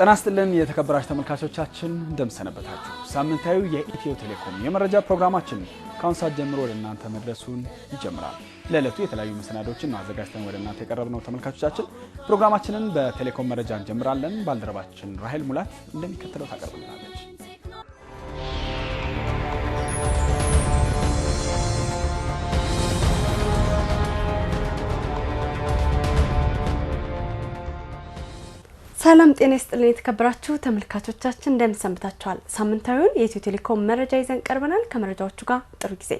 ጤና ይስጥልን የተከበራችሁ ተመልካቾቻችን እንደምሰነበታችሁ። ሳምንታዊ የኢትዮ ቴሌኮም የመረጃ ፕሮግራማችን ከአሁን ሰዓት ጀምሮ ወደ እናንተ መድረሱን ይጀምራል። ለዕለቱ የተለያዩ መሰናዶችን አዘጋጅተን ወደ እናንተ የቀረብነው ተመልካቾቻችን። ፕሮግራማችንን በቴሌኮም መረጃ እንጀምራለን። ባልደረባችን ራሄል ሙላት እንደሚከተለው ታቀርብልናል። ሰላም ጤና ይስጥልን የተከበራችሁ ተመልካቾቻችን እንደምን ሰንብታችኋል? ሳምንታዊውን የኢትዮ ቴሌኮም መረጃ ይዘን ቀርበናል። ከመረጃዎቹ ጋር ጥሩ ጊዜ።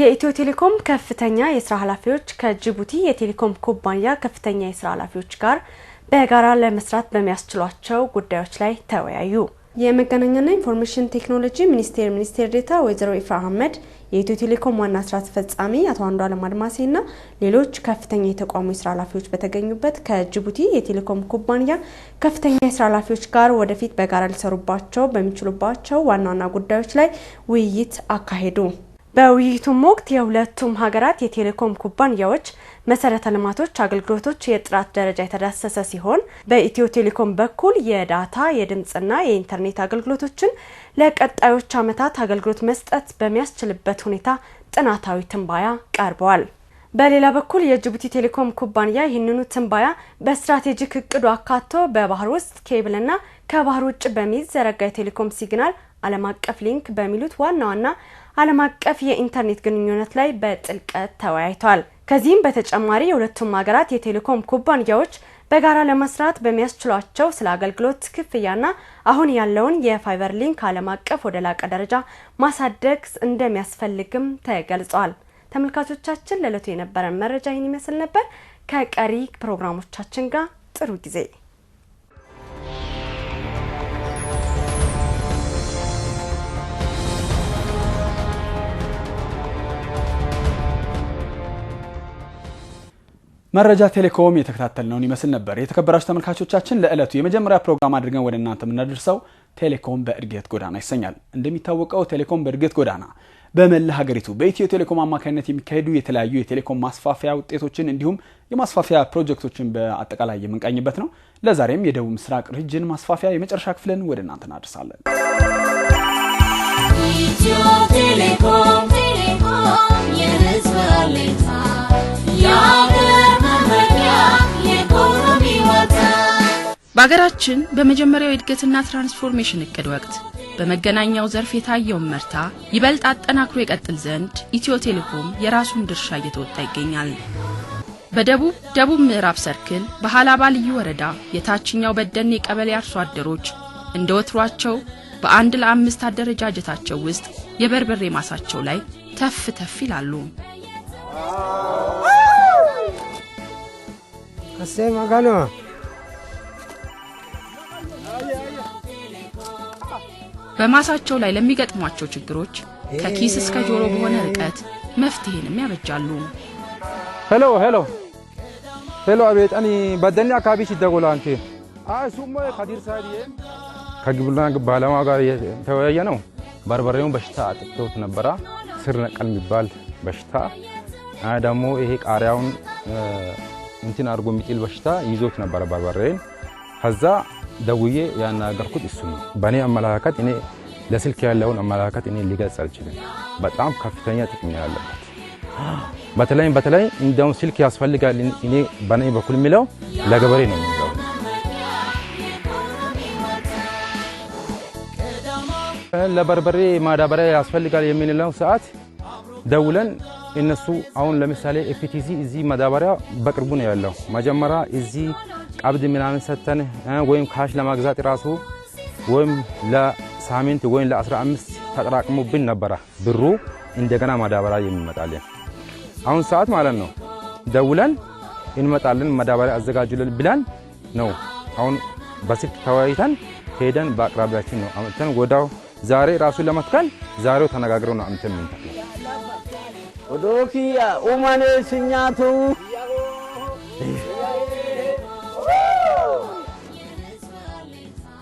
የኢትዮ ቴሌኮም ከፍተኛ የስራ ኃላፊዎች ከጅቡቲ የቴሌኮም ኩባንያ ከፍተኛ የስራ ኃላፊዎች ጋር በጋራ ለመስራት በሚያስችሏቸው ጉዳዮች ላይ ተወያዩ። የመገናኛና ኢንፎርሜሽን ቴክኖሎጂ ሚኒስቴር ሚኒስቴር ዴታ ወይዘሮ ኢፍራ አህመድ የኢትዮ ቴሌኮም ዋና ስራ አስፈጻሚ አቶ አንዱዓለም አድማሴና ሌሎች ከፍተኛ የተቋሙ የስራ ኃላፊዎች በተገኙበት ከጅቡቲ የቴሌኮም ኩባንያ ከፍተኛ የስራ ኃላፊዎች ጋር ወደፊት በጋራ ሊሰሩባቸው በሚችሉባቸው ዋና ዋና ጉዳዮች ላይ ውይይት አካሄዱ። በውይይቱም ወቅት የሁለቱም ሀገራት የቴሌኮም ኩባንያዎች መሰረተ ልማቶች አገልግሎቶች የጥራት ደረጃ የተዳሰሰ ሲሆን በኢትዮ ቴሌኮም በኩል የዳታ የድምፅና የኢንተርኔት አገልግሎቶችን ለቀጣዮች ዓመታት አገልግሎት መስጠት በሚያስችልበት ሁኔታ ጥናታዊ ትንባያ ቀርበዋል። በሌላ በኩል የጅቡቲ ቴሌኮም ኩባንያ ይህንኑ ትንባያ በስትራቴጂክ እቅዱ አካቶ በባህር ውስጥ ኬብልና ከባህር ውጭ በሚዘረጋ የቴሌኮም ሲግናል ዓለም አቀፍ ሊንክ በሚሉት ዋና ዋና ዓለም አቀፍ የኢንተርኔት ግንኙነት ላይ በጥልቀት ተወያይቷል። ከዚህም በተጨማሪ የሁለቱም ሀገራት የቴሌኮም ኩባንያዎች በጋራ ለመስራት በሚያስችሏቸው ስለ አገልግሎት ክፍያና አሁን ያለውን የፋይበር ሊንክ ዓለም አቀፍ ወደ ላቀ ደረጃ ማሳደግ እንደሚያስፈልግም ተገልጿል። ተመልካቾቻችን ለዕለቱ የነበረን መረጃ ይህን ይመስል ነበር። ከቀሪ ፕሮግራሞቻችን ጋር ጥሩ ጊዜ መረጃ ቴሌኮም የተከታተልነውን ይመስል ነበር። የተከበራችሁ ተመልካቾቻችን ለዕለቱ የመጀመሪያ ፕሮግራም አድርገን ወደ እናንተ የምናደርሰው ቴሌኮም በእድገት ጎዳና ይሰኛል። እንደሚታወቀው ቴሌኮም በእድገት ጎዳና በመላ ሀገሪቱ በኢትዮ ቴሌኮም አማካኝነት የሚካሄዱ የተለያዩ የቴሌኮም ማስፋፊያ ውጤቶችን እንዲሁም የማስፋፊያ ፕሮጀክቶችን በአጠቃላይ የምንቃኝበት ነው። ለዛሬም የደቡብ ምስራቅ ሪጅን ማስፋፊያ የመጨረሻ ክፍልን ወደ እናንተ እናደርሳለን። በአገራችን በመጀመሪያው የእድገትና ትራንስፎርሜሽን እቅድ ወቅት በመገናኛው ዘርፍ የታየውን መርታ ይበልጥ አጠናክሮ ይቀጥል ዘንድ ኢትዮ ቴሌኮም የራሱን ድርሻ እየተወጣ ይገኛል። በደቡብ ደቡብ ምዕራብ ሰርክል በሃላባ ልዩ ወረዳ የታችኛው በደኔ ቀበሌ አርሶ አደሮች እንደ ወትሯቸው በአንድ ለአምስት አደረጃጀታቸው ውስጥ የበርበሬ ማሳቸው ላይ ተፍ ተፍ ይላሉ። ከሴ ማጋኖ በማሳቸው ላይ ለሚገጥሟቸው ችግሮች ከኪስ እስከ ጆሮ በሆነ ርቀት መፍትሄንም ያበጃሉ። ሄሎ ሄሎ ሄሎ፣ አቤት አኒ በደኒ አካባቢ ሲደጎላ አንቺ አሱማ ከዲር ሳዲየ ከግብርና ባለሙያ ጋር የተወያየ ነው። በርበሬውን በሽታ አጥቶት ነበረ። ስር ነቀል የሚባል በሽታ ደግሞ ይሄ ቃሪያውን እንትን አድርጎ የሚጥል በሽታ ይዞት ነበረ በርበሬን ከዛ ደውዬ ያናገርኩት እሱ ነው። በእኔ አመለካከት እኔ ለስልክ ያለውን አመለካከት እኔ ሊገልጽ አልችልም። በጣም ከፍተኛ ጥቅም ያለበት በተለይ በተለይ እንደውም ስልክ ያስፈልጋል። እኔ በእኔ በኩል የሚለው ለገበሬ ነው የሚለው ለበርበሬ ማዳበሪያ ያስፈልጋል የምንለው ሰዓት ደውለን እነሱ አሁን ለምሳሌ ኤፍቲሲ እዚህ ማዳበሪያ በቅርቡ ነው ያለው መጀመሪያ እዚህ ቀብድ ምናምን ሰተን ወይም ካሽ ለማግዛት ራሱ ወይም ለሳሚንት ወይም ለ15 ተጠራቅሞብን ነበረ ብሩ እንደገና ማዳበሪያ የሚመጣልን አሁን ሰዓት ማለት ነው። ደውለን እንመጣለን ማዳበሪያ አዘጋጁልን ብለን ነው አሁን በስልክ ተወያይተን ሄደን በአቅራቢያችን ነው አምጥተን ወዳው ዛሬ ራሱ ለመትከል ዛሬው ተነጋግረው ነው አምጥተን ምንተክለ ኡማኔ ስኛቱ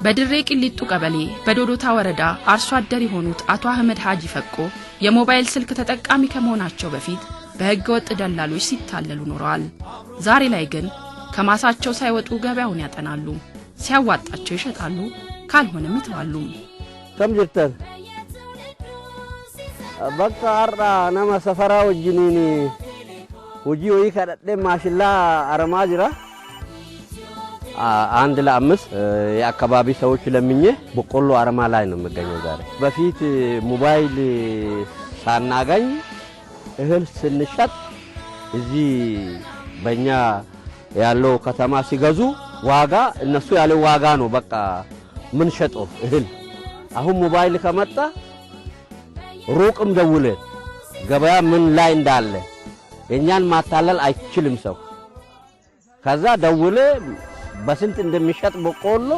በድሬ ቅሊጡ ቀበሌ በዶዶታ ወረዳ አርሶ አደር የሆኑት አቶ አህመድ ሀጂ ፈቆ የሞባይል ስልክ ተጠቃሚ ከመሆናቸው በፊት በሕገ ወጥ ደላሎች ሲታለሉ ኖረዋል። ዛሬ ላይ ግን ከማሳቸው ሳይወጡ ገበያውን ያጠናሉ፣ ሲያዋጣቸው ይሸጣሉ፣ ካልሆነም ይተዋሉ። ከምጅርተን በቃ አርዳ ነማ ሰፈራ ውጅኒኒ ውጂ ወይ ከደዴ ማሽላ አረማ ጅራ አንድ ለአምስት የአካባቢ ሰዎች ለምኜ በቆሎ አርማ ላይ ነው የምገኘው ዛሬ። በፊት ሞባይል ሳናገኝ እህል ስንሸጥ እዚህ በእኛ ያለው ከተማ ሲገዙ ዋጋ እነሱ ያለ ዋጋ ነው በቃ ምን ሸጦ እህል። አሁን ሞባይል ከመጣ ሩቅም ደውለ ገበያ ምን ላይ እንዳለ እኛን ማታለል አይችልም ሰው ከዛ ደውለ በስንት እንደሚሸጥ በቆሎ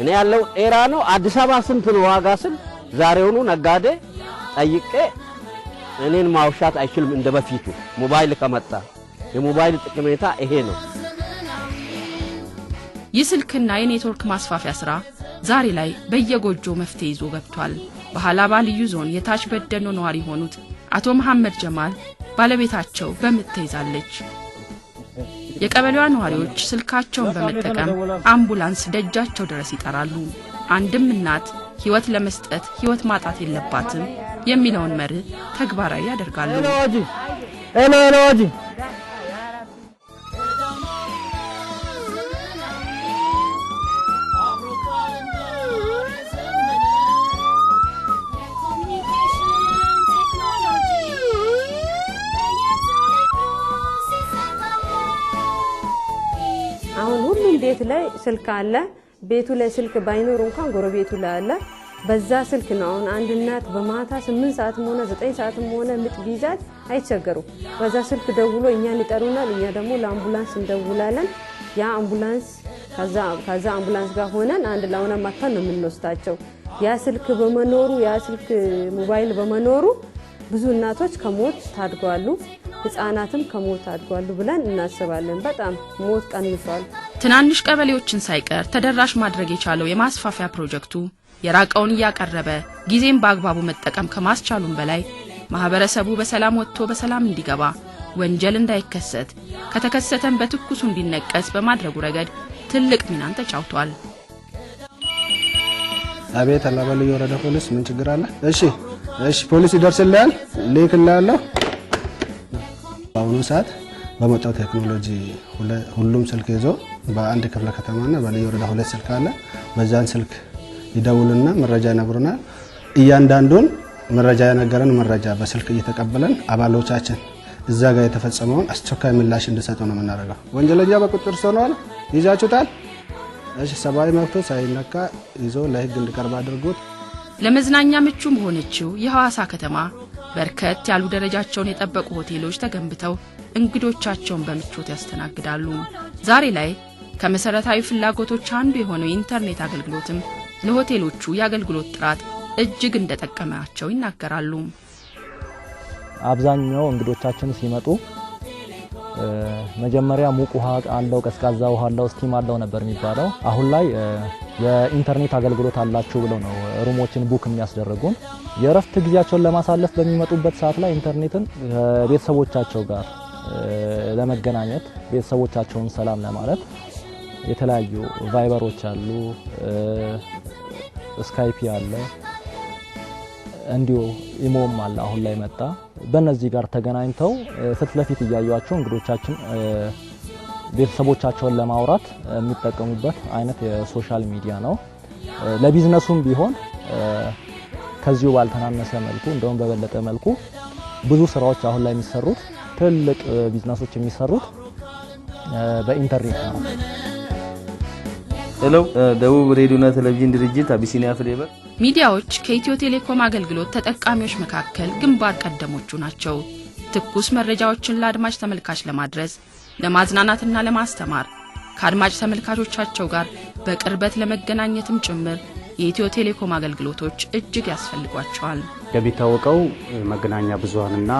እኔ ያለው ኤራ ነው። አዲስ አበባ ስንት ነው ዋጋ ስል ዛሬውኑ ነጋዴ ጠይቄ እኔን ማውሻት አይችልም። እንደ በፊቱ ሞባይል ከመጣ የሞባይል ጥቅሜታ ይሄ ነው። የስልክና የኔትወርክ ማስፋፊያ ስራ ዛሬ ላይ በየጎጆ መፍትሄ ይዞ ገብቷል። በሀላባ ልዩ ዞን የታች በደኖ ነዋሪ የሆኑት አቶ መሐመድ ጀማል ባለቤታቸው በምት ተይዛለች። የቀበሌዋ ነዋሪዎች ስልካቸውን በመጠቀም አምቡላንስ ደጃቸው ድረስ ይጠራሉ። አንድም እናት ሕይወት ለመስጠት ሕይወት ማጣት የለባትም የሚለውን መርህ ተግባራዊ ያደርጋሉ። ቤት ላይ ስልክ አለ። ቤቱ ላይ ስልክ ባይኖር እንኳን ጎረቤቱ ላይ አለ። በዛ ስልክ ነው አሁን አንድ እናት በማታ ስምንት ሰዓትም ሆነ ዘጠኝ ሰዓትም ሆነ ምጥ ቢይዛት አይቸገሩም። በዛ ስልክ ደውሎ እኛን ይጠሩናል። እኛ ደግሞ ለአምቡላንስ እንደውላለን። ያ አምቡላንስ ከዛ አምቡላንስ ጋር ሆነን አንድ ለሆነ ማታን ነው የምንወስዳቸው። ያ ስልክ በመኖሩ ያ ስልክ ሞባይል በመኖሩ ብዙ እናቶች ከሞት ታድጓሉ፣ ህፃናትም ከሞት ታድጓሉ ብለን እናስባለን። በጣም ሞት ቀንሷል። ትናንሽ ቀበሌዎችን ሳይቀር ተደራሽ ማድረግ የቻለው የማስፋፊያ ፕሮጀክቱ የራቀውን እያቀረበ ጊዜን በአግባቡ መጠቀም ከማስቻሉም በላይ ማህበረሰቡ በሰላም ወጥቶ በሰላም እንዲገባ ወንጀል እንዳይከሰት ከተከሰተም በትኩሱ እንዲነቀስ በማድረጉ ረገድ ትልቅ ሚናን ተጫውቷል። አቤት አላባ ወረዳ ፖሊስ ምን ችግር አለ? እሺ፣ እሺ፣ ፖሊስ ይደርስልሃል፣ ልክላለሁ። በአሁኑ ሰዓት በመጣው ቴክኖሎጂ ሁሉም ስልክ ይዞ በአንድ ክፍለ ከተማና በልዩ ወረዳ ሁለት ስልክ አለ። በዛን ስልክ ይደውሉና መረጃ ይነግሩናል። እያንዳንዱን መረጃ የነገረን መረጃ በስልክ እየተቀበለን አባሎቻችን እዛ ጋር የተፈጸመውን አስቸኳይ ምላሽ እንዲሰጡ ነው የምናደርገው። ወንጀለኛ በቁጥር ሰኗል ሆኗል፣ ይዛችሁታል፣ ሰብአዊ መብቶ ሳይነካ ይዞ ለህግ እንዲቀርብ አድርጉት። ለመዝናኛ ምቹም ሆነችው የሐዋሳ ከተማ በርከት ያሉ ደረጃቸውን የጠበቁ ሆቴሎች ተገንብተው እንግዶቻቸውን በምቾት ያስተናግዳሉ። ዛሬ ላይ ከመሰረታዊ ፍላጎቶች አንዱ የሆነው የኢንተርኔት አገልግሎትም ለሆቴሎቹ የአገልግሎት ጥራት እጅግ እንደጠቀማቸው ይናገራሉ። አብዛኛው እንግዶቻችን ሲመጡ መጀመሪያ ሙቅ ውሃ አለው፣ ቀዝቃዛ ውሃ አለው፣ ስቲም አለው ነበር የሚባለው። አሁን ላይ የኢንተርኔት አገልግሎት አላችሁ ብለው ነው ሩሞችን ቡክ የሚያስደርጉን። የእረፍት ጊዜያቸውን ለማሳለፍ በሚመጡበት ሰዓት ላይ ኢንተርኔትን ከቤተሰቦቻቸው ጋር ለመገናኘት ቤተሰቦቻቸውን ሰላም ለማለት የተለያዩ ቫይበሮች አሉ፣ ስካይፒ አለ፣ እንዲሁ ኢሞም አለ። አሁን ላይ መጣ። በእነዚህ ጋር ተገናኝተው ፊት ለፊት እያዩቸው እንግዶቻችን ቤተሰቦቻቸውን ለማውራት የሚጠቀሙበት አይነት የሶሻል ሚዲያ ነው። ለቢዝነሱም ቢሆን ከዚሁ ባልተናነሰ መልኩ እንደውም በበለጠ መልኩ ብዙ ስራዎች አሁን ላይ የሚሰሩት ትልቅ ቢዝነሶች የሚሰሩት በኢንተርኔት ነው። ሄሎ፣ ደቡብ ሬዲዮና ቴሌቪዥን ድርጅት አቢሲኒያ ፍሌቨር ሚዲያዎች ከኢትዮ ቴሌኮም አገልግሎት ተጠቃሚዎች መካከል ግንባር ቀደሞቹ ናቸው። ትኩስ መረጃዎችን ለአድማጭ ተመልካች ለማድረስ ለማዝናናትና ለማስተማር ከአድማጭ ተመልካቾቻቸው ጋር በቅርበት ለመገናኘትም ጭምር የኢትዮ ቴሌኮም አገልግሎቶች እጅግ ያስፈልጓቸዋል። እንደሚታወቀው መገናኛ ብዙሀንና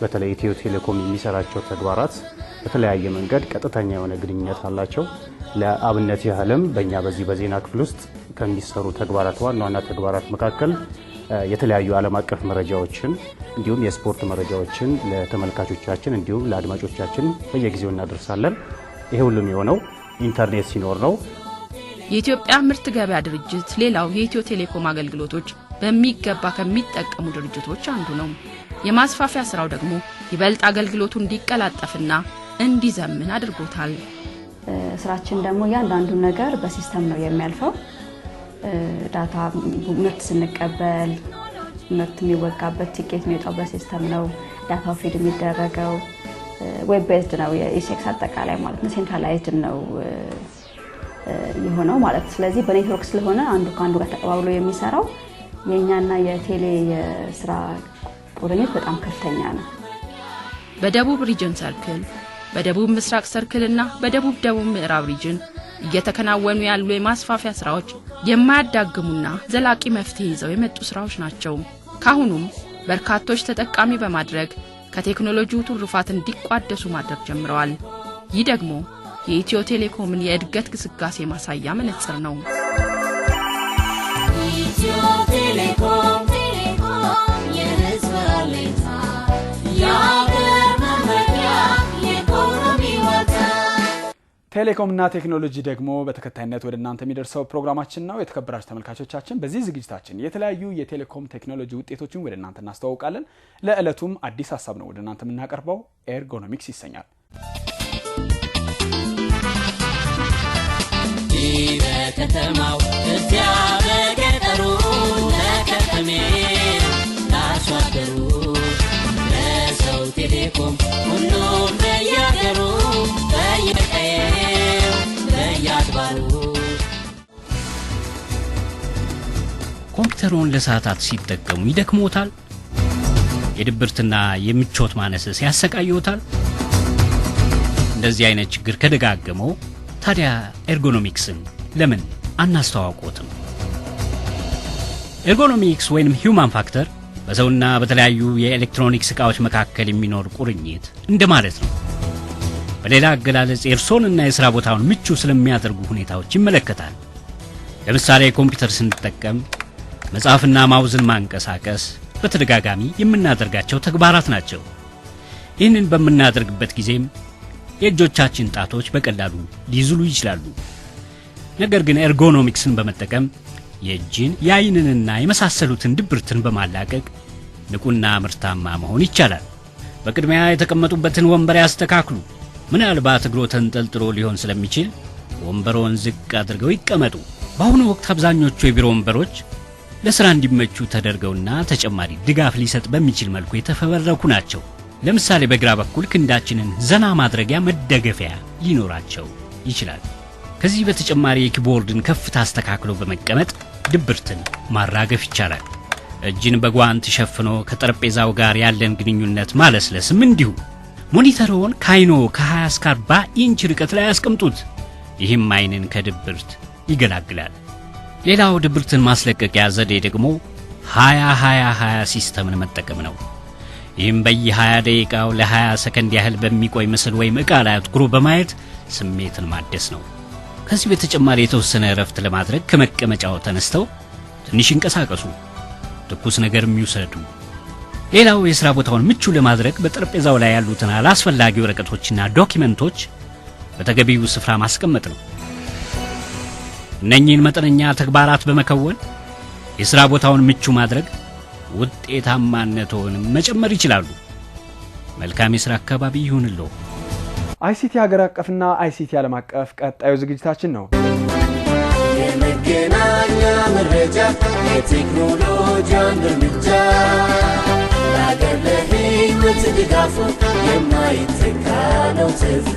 በተለይ ኢትዮ ቴሌኮም የሚሰራቸው ተግባራት በተለያየ መንገድ ቀጥተኛ የሆነ ግንኙነት አላቸው። ለአብነት ያህልም በእኛ በዚህ በዜና ክፍል ውስጥ ከሚሰሩ ተግባራት ዋና ዋና ተግባራት መካከል የተለያዩ ዓለም አቀፍ መረጃዎችን እንዲሁም የስፖርት መረጃዎችን ለተመልካቾቻችን እንዲሁም ለአድማጮቻችን በየጊዜው እናደርሳለን። ይሄ ሁሉም የሆነው ኢንተርኔት ሲኖር ነው። የኢትዮጵያ ምርት ገበያ ድርጅት ሌላው የኢትዮ ቴሌኮም አገልግሎቶች በሚገባ ከሚጠቀሙ ድርጅቶች አንዱ ነው። የማስፋፊያ ስራው ደግሞ ይበልጥ አገልግሎቱ እንዲቀላጠፍና እንዲዘምን አድርጎታል። ስራችን ደግሞ እያንዳንዱ ነገር በሲስተም ነው የሚያልፈው። ዳታ ምርት ስንቀበል ምርት የሚወጋበት ቲኬት የሚወጣው በሲስተም ነው። ዳታ ፊድ የሚደረገው ዌብ ቤዝድ ነው። የኢሴክስ አጠቃላይ ማለት ነው። ሴንትራላይዝድ ነው የሆነው ማለት ስለዚህ በኔትወርክ ስለሆነ አንዱ ከአንዱ ጋር ተቀባብሎ የሚሰራው የእኛና የቴሌ የስራ ቁርኝት በጣም ከፍተኛ ነው። በደቡብ ሪጅን ሰርክል፣ በደቡብ ምስራቅ ሰርክል እና በደቡብ ደቡብ ምዕራብ ሪጅን እየተከናወኑ ያሉ የማስፋፊያ ስራዎች የማያዳግሙና ዘላቂ መፍትሄ ይዘው የመጡ ስራዎች ናቸው። ካሁኑም በርካቶች ተጠቃሚ በማድረግ ከቴክኖሎጂው ትሩፋት እንዲቋደሱ ማድረግ ጀምረዋል። ይህ ደግሞ የኢትዮ ቴሌኮምን የእድገት ግስጋሴ ማሳያ መነጽር ነው። ቴሌኮምና ቴክኖሎጂ ደግሞ በተከታይነት ወደ እናንተ የሚደርሰው ፕሮግራማችን ነው። የተከበራችሁ ተመልካቾቻችን፣ በዚህ ዝግጅታችን የተለያዩ የቴሌኮም ቴክኖሎጂ ውጤቶችን ወደ እናንተ እናስተዋውቃለን። ለዕለቱም አዲስ ሀሳብ ነው ወደ እናንተ የምናቀርበው ኤርጎኖሚክስ ይሰኛል። በገጠሩ ለሰው ቴሌኮም በያገሩ ኮምፒውተሩን ለሰዓታት ሲጠቀሙ ይደክሞታል? የድብርትና የምቾት ማነስ ሲያሰቃይዎታል? እንደዚህ አይነት ችግር ከደጋገመው ታዲያ ኤርጎኖሚክስን ለምን አናስተዋውቆትም? ኤርጎኖሚክስ ወይንም ሂውማን ፋክተር በሰውና በተለያዩ የኤሌክትሮኒክስ ዕቃዎች መካከል የሚኖር ቁርኝት እንደማለት ነው። በሌላ አገላለጽ የእርሶንና የሥራ ቦታውን ምቹ ስለሚያደርጉ ሁኔታዎች ይመለከታል። ለምሳሌ ኮምፒውተር ስንጠቀም መጽሐፍና ማውዝን ማንቀሳቀስ በተደጋጋሚ የምናደርጋቸው ተግባራት ናቸው። ይህንን በምናደርግበት ጊዜም የእጆቻችን ጣቶች በቀላሉ ሊዝሉ ይችላሉ። ነገር ግን ኤርጎኖሚክስን በመጠቀም የእጅን የአይንንና የመሳሰሉትን ድብርትን በማላቀቅ ንቁና ምርታማ መሆን ይቻላል። በቅድሚያ የተቀመጡበትን ወንበር ያስተካክሉ። ምናልባት እግሮ ተንጠልጥሎ ሊሆን ስለሚችል ወንበሮን ዝቅ አድርገው ይቀመጡ። በአሁኑ ወቅት አብዛኞቹ የቢሮ ወንበሮች ለሥራ እንዲመቹ ተደርገውና ተጨማሪ ድጋፍ ሊሰጥ በሚችል መልኩ የተፈበረኩ ናቸው። ለምሳሌ በግራ በኩል ክንዳችንን ዘና ማድረጊያ መደገፊያ ሊኖራቸው ይችላል። ከዚህ በተጨማሪ የኪቦርድን ከፍታ አስተካክሎ በመቀመጥ ድብርትን ማራገፍ ይቻላል። እጅን በጓንት ሸፍኖ ከጠረጴዛው ጋር ያለን ግንኙነት ማለስለስም እንዲሁ። ሞኒተርዎን ካይኖ ከ20 እስከ 40 ኢንች ርቀት ላይ ያስቀምጡት። ይህም አይንን ከድብርት ይገላግላል። ሌላው ድብርትን ማስለቀቂያ ዘዴ ደግሞ 20 20 20 ሲስተምን መጠቀም ነው። ይህም በየ20 ደቂቃው ለ20 ሰከንድ ያህል በሚቆይ ምስል ወይም ዕቃ ላይ አትኩሮ በማየት ስሜትን ማደስ ነው። ከዚህ በተጨማሪ የተወሰነ እረፍት ለማድረግ ከመቀመጫው ተነስተው ትንሽ ይንቀሳቀሱ፣ ትኩስ ነገር የሚውሰዱ። ሌላው የሥራ ቦታውን ምቹ ለማድረግ በጠረጴዛው ላይ ያሉትን አላስፈላጊ ወረቀቶችና ዶኪመንቶች በተገቢው ስፍራ ማስቀመጥ ነው። እነኚህን መጠነኛ ተግባራት በመከወን የሥራ ቦታውን ምቹ ማድረግ ውጤታማነትዎንም መጨመር ይችላሉ። መልካም የሥራ አካባቢ ይሁንልዎ። አይሲቲ ሀገር አቀፍና አይሲቲ ዓለም አቀፍ ቀጣዩ ዝግጅታችን ነው። የመገናኛ መረጃ፣ የቴክኖሎጂ እርምጃ ለሀገር ለሕይወት ድጋፉ የማይተካ ነው ትርፉ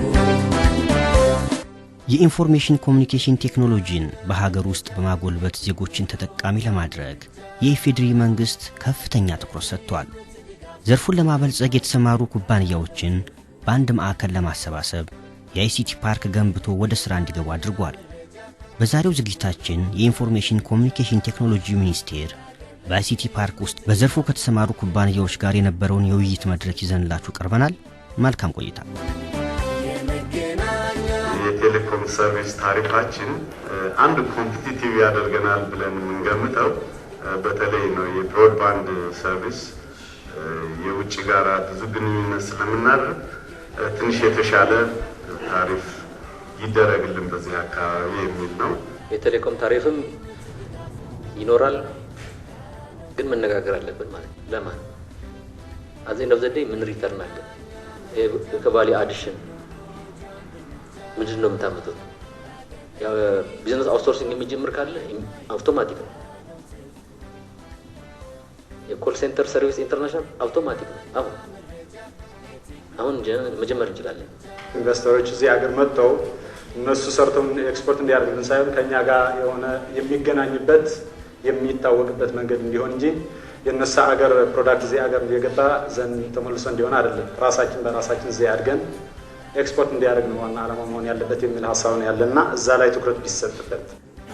የኢንፎርሜሽን ኮሚኒኬሽን ቴክኖሎጂን በሀገር ውስጥ በማጎልበት ዜጎችን ተጠቃሚ ለማድረግ የኢፌዴሪ መንግሥት ከፍተኛ ትኩረት ሰጥቷል። ዘርፉን ለማበልጸግ የተሰማሩ ኩባንያዎችን በአንድ ማዕከል ለማሰባሰብ የአይሲቲ ፓርክ ገንብቶ ወደ ሥራ እንዲገቡ አድርጓል። በዛሬው ዝግጅታችን የኢንፎርሜሽን ኮሚኒኬሽን ቴክኖሎጂ ሚኒስቴር በአይሲቲ ፓርክ ውስጥ በዘርፉ ከተሰማሩ ኩባንያዎች ጋር የነበረውን የውይይት መድረክ ይዘንላችሁ ቀርበናል። መልካም ቆይታ። የቴሌኮም ሰርቪስ ታሪፋችን አንድ ኮምፒቲቲቭ ያደርገናል ብለን የምንገምተው በተለይ ነው የብሮድባንድ ሰርቪስ የውጭ ጋራ ብዙ ግንኙነት ስለምናደርግ ትንሽ የተሻለ ታሪፍ ይደረግልን በዚህ አካባቢ የሚል ነው። የቴሌኮም ታሪፍም ይኖራል፣ ግን መነጋገር አለብን ማለት ለማን አዜ እንደብዘዴ ምን ሪተርን አለ ከባሊ አዲሽን ምንድን ነው የምታመጡት? ቢዝነስ አውትሶርሲንግ የሚጀምር ካለ አውቶማቲክ ነው። የኮል ሴንተር ሰርቪስ ኢንተርናሽናል አውቶማቲክ ነው። አሁን አሁን መጀመር እንችላለን። ኢንቨስተሮች እዚህ ሀገር መጥተው እነሱ ሰርተው ኤክስፖርት እንዲያደርግልን ሳይሆን ከእኛ ጋር የሆነ የሚገናኝበት የሚታወቅበት መንገድ እንዲሆን እንጂ የነሳ ሀገር ፕሮዳክት እዚህ ሀገር እየገባ ዘንድ ተመልሶ እንዲሆን አይደለም። ራሳችን በራሳችን እዚህ አድገን ኤክስፖርት እንዲያደርግ ነው ዋና አላማ መሆን ያለበት የሚል ሀሳብ ነው ያለና እዛ ላይ ትኩረት ቢሰጥበት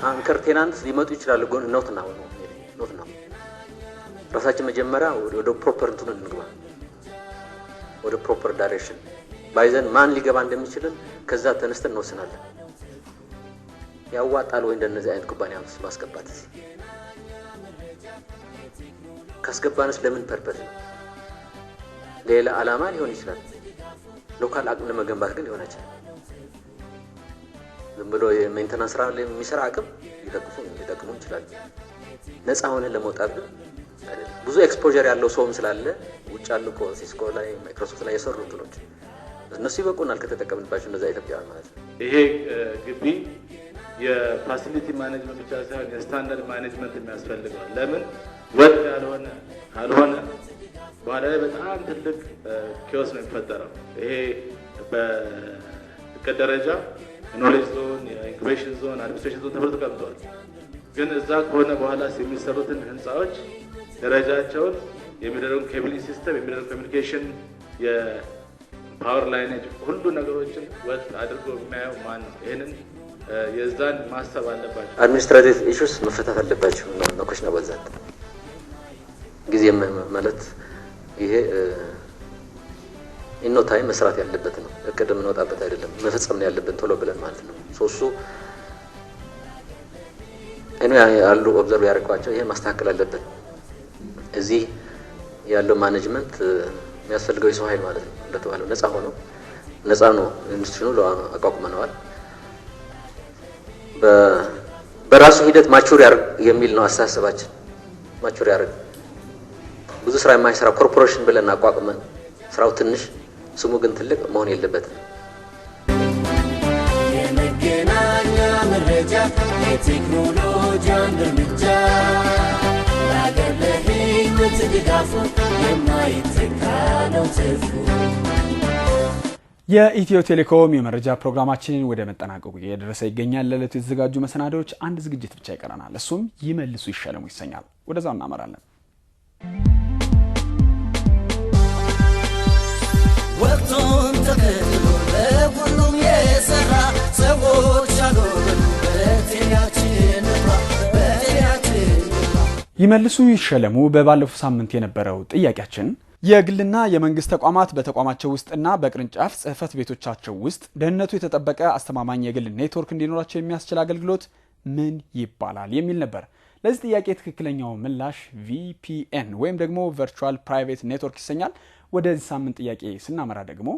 አንከር ቴናንት ሊመጡ ይችላሉ። ጎን ኖትና ኖትና ራሳችን መጀመሪያ ወደ ፕሮፐር እንትን እንግባ፣ ወደ ፕሮፐር ዳይሬክሽን ባይዘን ማን ሊገባ እንደሚችልን ከዛ ተነስተን እንወስናለን። ያዋጣል ወይ እንደነዚህ አይነት ኩባንያ ማስገባት? ካስገባንስ ለምን ፐርፐዝ ነው? ሌላ አላማ ሊሆን ይችላል። ሎካል አቅም ለመገንባት ግን ሊሆን አይችልም። ዝም ብሎ የሜንተና ስራ የሚሰራ አቅም ሊጠቅሱ ሊጠቅሙ ይችላል። ነፃ ሆነ ለመውጣት ግን ብዙ ኤክስፖዠር ያለው ሰውም ስላለ ውጭ አሉ ሲስኮ ላይ ማይክሮሶፍት ላይ የሰሩ እንትኖች እነሱ ይበቁናል ከተጠቀምንባቸው እነዛ ኢትዮጵያውያን ማለት ነው ይሄ ግቢ የፋሲሊቲ ማኔጅመንት ብቻ ሳይሆን የስታንዳርድ ማኔጅመንት የሚያስፈልገዋል። ለምን ወጥ ያልሆነ ካልሆነ በኋላ ላይ በጣም ትልቅ ኪዮስ ነው የሚፈጠረው። ይሄ በእቅድ ደረጃ ኖሌጅ ዞን፣ የኢንኩቤሽን ዞን፣ አድሚኒስትሬሽን ዞን ተብሎ ተቀምጧል። ግን እዛ ከሆነ በኋላ የሚሰሩትን ህንፃዎች ደረጃቸውን የሚደረጉ ኬብል ሲስተም የሚደረጉ ኮሚኒኬሽን የፓወር ላይኔጅ ሁሉ ነገሮችን ወጥ አድርጎ የሚያየው ማን ነው? ይህንን የዛን ማሰብ አለባቸው። አድሚኒስትራቲቭ ኢሹስ መፈታት አለባቸው መኮች ነው ኮሽና በዛት ጊዜ ማለት ይሄ ኢኖ ታይም መስራት ያለበት ነው። እቅድ የምንወጣበት አይደለም፣ መፈጸም ነው ያለብን ቶሎ ብለን ማለት ነው። ሶሱ እኔ ያሉ ኦብዘርቭ ያደርጓቸው ይሄ ማስተካከል አለብን። እዚህ ያለው ማኔጅመንት የሚያስፈልገው የሰው ኃይል ማለት ነው እንደተባለው ነፃ ሆኖ ነፃ ነው ኢንዱስትሪ ነው አቋቁመነዋል። በራሱ ሂደት ማቹር ያርግ የሚል ነው አስተሳሰባችን። ማቹር ያርግ ብዙ ስራ የማይሰራ ኮርፖሬሽን ብለን አቋቁመን ስራው ትንሽ ስሙ ግን ትልቅ መሆን የለበትም። የመገናኛ መረጃ፣ የቴክኖሎጂ አንድ እርምጃ ለአገር ለሕይወት ድጋፉ የማይተካ ነው ትርፉ የኢትዮ ቴሌኮም የመረጃ ፕሮግራማችንን ወደ መጠናቀቁ እየደረሰ ይገኛል። ለዕለቱ የተዘጋጁ መሰናዶዎች አንድ ዝግጅት ብቻ ይቀረናል። እሱም ይመልሱ ይሸለሙ ይሰኛል። ወደዛው እናመራለን። ወቅቱን ተከትሎ ለሁሉም የሰራ ሰዎች አሉ ይመልሱ ይሸለሙ በባለፈው ሳምንት የነበረው ጥያቄያችን የግልና የመንግስት ተቋማት በተቋማቸው ውስጥና በቅርንጫፍ ጽህፈት ቤቶቻቸው ውስጥ ደህንነቱ የተጠበቀ አስተማማኝ የግል ኔትወርክ እንዲኖራቸው የሚያስችል አገልግሎት ምን ይባላል የሚል ነበር። ለዚህ ጥያቄ ትክክለኛው ምላሽ ቪፒኤን ወይም ደግሞ ቨርቹዋል ፕራይቬት ኔትወርክ ይሰኛል። ወደዚህ ሳምንት ጥያቄ ስናመራ ደግሞ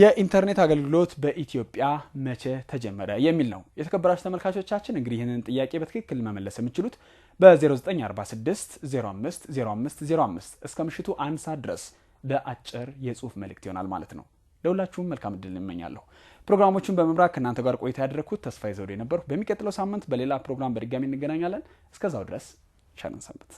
የኢንተርኔት አገልግሎት በኢትዮጵያ መቼ ተጀመረ የሚል ነው። የተከበራችሁ ተመልካቾቻችን እንግዲህ ይህንን ጥያቄ በትክክል መመለስ የምችሉት በ0946 05 እስከ ምሽቱ አንሳ ድረስ በአጭር የጽሁፍ መልእክት ይሆናል ማለት ነው። ለሁላችሁም መልካም እድል እንመኛለሁ። ፕሮግራሞቹን በመምራት ከእናንተ ጋር ቆይታ ያደረግኩት ተስፋዬ ዘውዴ ነበርኩ። በሚቀጥለው ሳምንት በሌላ ፕሮግራም በድጋሚ እንገናኛለን። እስከዛው ድረስ ቸር ሰንብቱ።